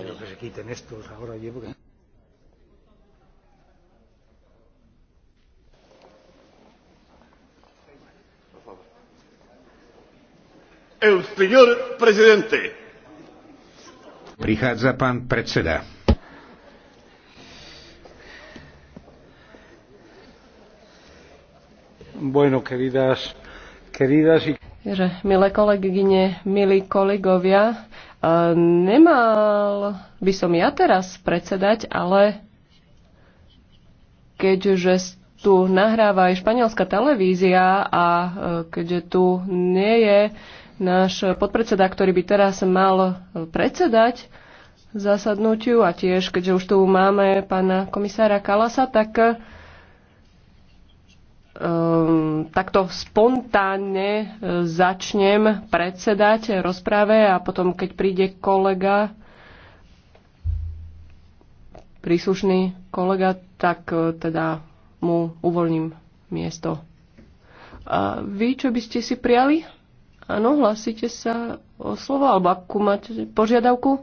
maravilla. Que se quiten estos ahora y porque... El señor presidente. Prichádza pán predseda. Bueno, queridas, queridas y... Milé kolegyne, milí kolegovia, Nemal by som ja teraz predsedať, ale keďže tu nahráva aj španielská televízia a e, keďže tu nie je náš podpredseda, ktorý by teraz mal predsedať zasadnutiu a tiež keďže už tu máme pána komisára Kalasa, tak um, takto spontánne e, začnem predsedať rozprave a potom, keď príde kolega, príslušný kolega, tak e, teda mu uvoľním miesto. A vy, čo by ste si prijali? Áno, hlasíte sa o slovo, alebo akú máte požiadavku?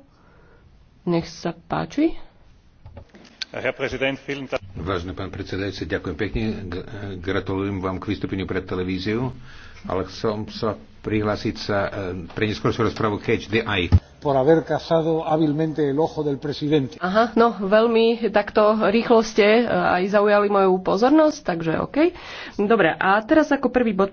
Nech sa páči. Vážený pán predsedajúci, ďakujem pekne. Gratulujem vám k vystúpeniu pred televíziu, ale chcem sa prihlásiť sa e, pre neskôršiu rozpravu Catch the Eye. Por haber hábilmente el ojo del presidente. Aha, no veľmi takto rýchlo ste e, aj zaujali moju pozornosť, takže OK. Dobre, a teraz ako prvý bod